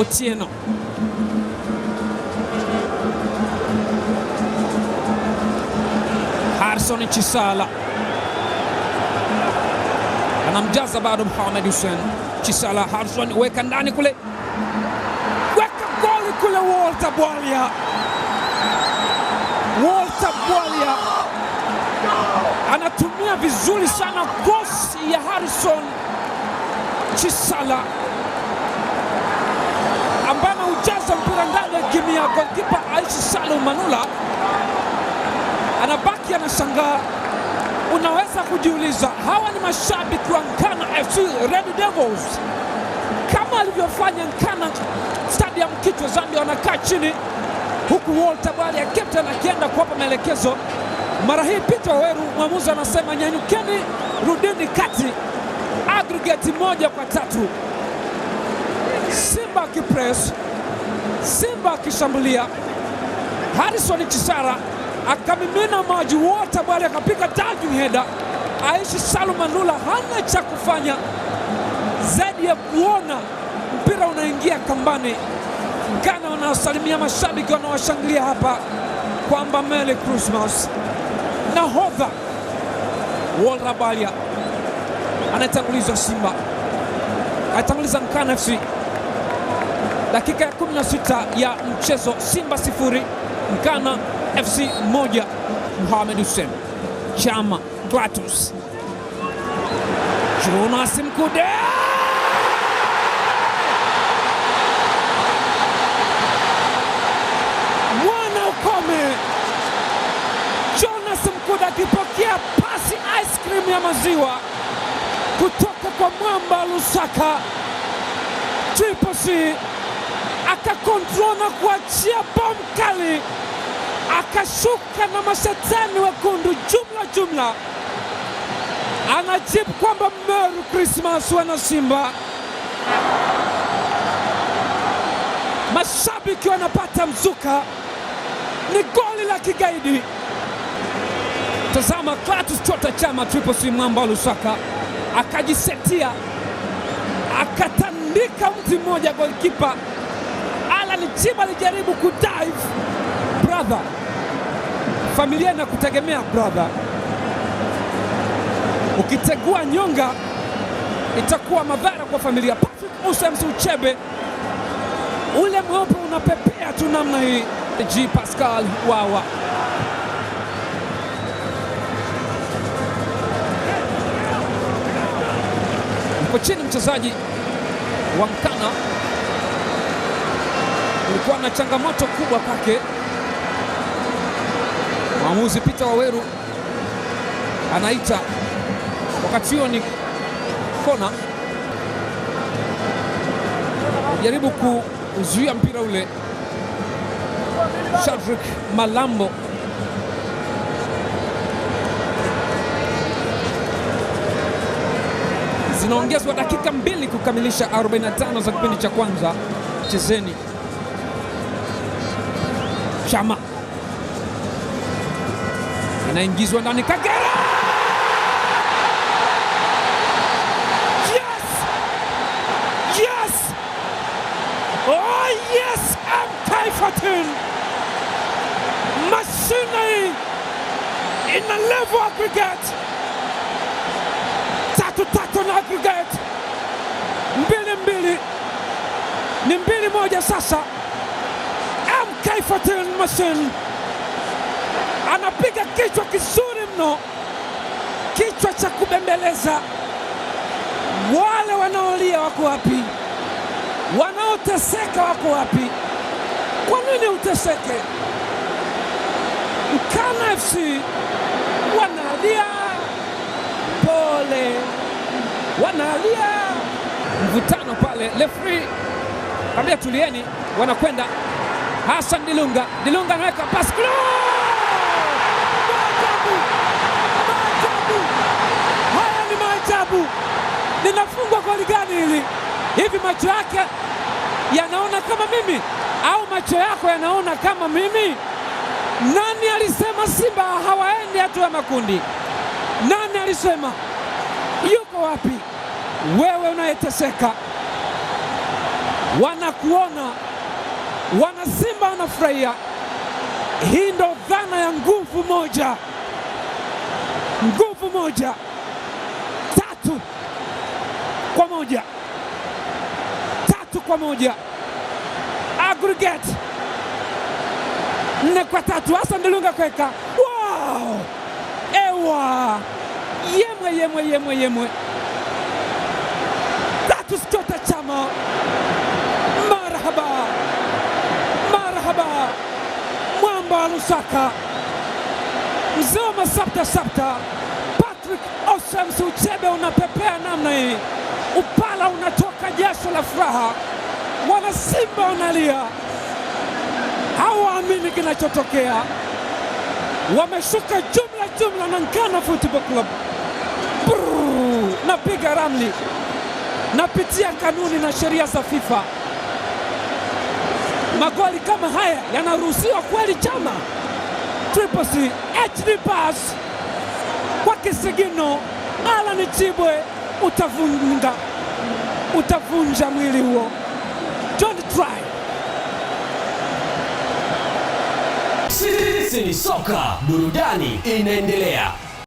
Otieno. Harrison Chisala anamjaza bado Muhammad Hussein Chisala. Harrison weka ndani kule, weka goli kule. Walter Bwalia, Walter Bwalia anatumia vizuri sana kosi ya Harrison Chisala anacheza mpira ndani ya kimia. Golkipa Aishi Salum Manula anabaki anashangaa. Unaweza kujiuliza hawa ni mashabiki wa Nkana FC Red Devils, kama alivyofanya Nkana Stadium kichwa zambi, wanakaa chini huku Walter Bwali ya captain akienda kuwapa maelekezo. Mara hii Peter Weru mwamuzi anasema nyanyukeni, rudini kati, aggregate moja kwa tatu Simba kipress Simba akishambulia, Harrison Chisara akamimina maji wote bali akapiga diving header. Aishi Salum Lula hana cha kufanya zaidi ya kuona mpira unaingia kambani. Ghana wanawasalimia mashabiki wanawashangilia hapa kwamba Merry Christmas. Nahodha Walrabalia anaitangulizwa Simba, aitanguliza Nkana FC dakika ya 16 ya mchezo, Simba sifuri Mkana FC moja. muhamed Hussein Chama Gratus Jonas Mkude mwana ukome. Jonas Mkude akipokea pasi ice cream ya maziwa kutoka kwa mwamba Lusaka, triple C akakontrol na kuachia bomu kali, akashuka na mashetani wekundu jumla jumla. Anajibu kwamba Merry Christmas wana Simba. Mashabiki wanapata mzuka, ni goli la kigaidi. Tazama Clatous Chota Chama Triple swim, mwamba Lusaka akajisetia akatandika mti mmoja goalkeeper Alichimba, alijaribu kudive brother, familia inakutegemea brother. Ukitegua nyonga itakuwa madhara kwa familia. Patrick Musa MC Uchebe, ule mweupe unapepea tu namna hii. G Pascal wawa mko chini, mchezaji wa Mkana kulikuwa na changamoto kubwa kwake. Mwamuzi Peter Waweru anaita wakati huo ni kona, jaribu kuzuia mpira ule. Shadrick Malambo zinaongezwa dakika mbili kukamilisha 45 za kipindi cha kwanza. Chezeni. Chama anaingizwa ndani, Kagera! Yes! Yes! Oh yes, MK Fortun! ina level aggregate tatu tatu na aggregate mbili mbili, ni mbili moja sasa. Kaifatil Mashin anapiga kichwa kizuri mno, kichwa cha kubembeleza. Wale wanaolia wako wapi? Wanaoteseka wako wapi? Kwa nini uteseke? Mkana FC wanalia pole, wanalia mvutano pale. Lefri kaambia tulieni, wanakwenda Hassan Dilunga, Dilunga anaweka pass kule. Maajabu, haya ni maajabu! Ninafungwa goli gani hili? Hivi macho yake yanaona kama mimi au macho yako yanaona kama mimi? Nani alisema Simba hawaendi hatua ya makundi? Nani alisema? Yuko wapi wewe unayeteseka? Wanakuona. Wanasimba wanafurahia. Hii ndo dhana ya nguvu moja, nguvu moja, tatu kwa moja, tatu kwa moja, aggregate nne kwa tatu. Hassan Dilunga kweka, wow! Ewa yemwe yemwe yemwe yemwe, tatu sichota chama Musaka, Mzoma Sapta Sapta, Patrick osems uchebe unapepea namna hii, upala unatoka jasho la furaha, Wana Simba wanalia, hawaamini kinachotokea. Wameshuka jumla jumla na Nkana Football Club. Napiga ramli, napitia kanuni na sheria za FIFA. Magoli kama haya yanaruhusiwa kweli? Chama triple C HD pass kwa kisigino, Alan Chibwe utavunga utavunja mwili huo. Don't try. Sisi ni soka, burudani inaendelea.